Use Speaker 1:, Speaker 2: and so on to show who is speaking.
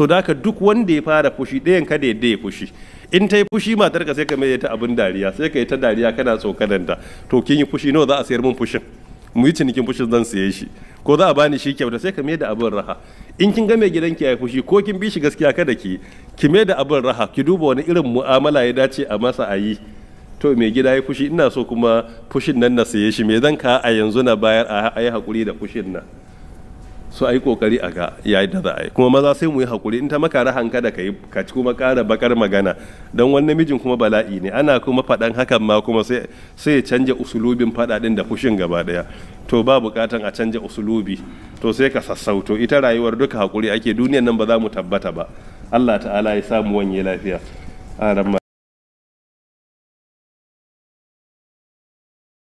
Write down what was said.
Speaker 1: so da haka duk wanda ya fara fushi ɗayan ka ya ya fushi in ta yi fushi matar ka sai ka mai ta abin dariya sai ka yi ta dariya kana tsokananta to kin yi fushi nawa za a sayar min fushin mu yi cinikin fushin zan saye shi ko za a bani shi kyauta sai ka mai da abin raha in kin ga mai ki ya fushi ko kin bi shi gaskiya kada ki ki mai da abin raha ki duba wani irin mu'amala ya dace a masa a yi to mai gida ya fushi ina so kuma fushin nan na saye shi mai zan ka a yanzu na bayar a yi hakuri da fushin nan su a yi kokari a ga yayi da za a yi kuma maza sai mu yi hakuri in ta maka ra kada ka yi ka ci kuma kara bakar magana don wani namijin kuma bala'i ne ana kuma faɗan hakan ma kuma sai ya canja usulubin ɗin da fushin gaba ɗaya to ba buƙatan a canja usulubi to sai ka sassauto ita rayuwar duka hakuri ake duniyan nan ba za mu tabbata ba Allah ta'ala ya samu wanye lafiya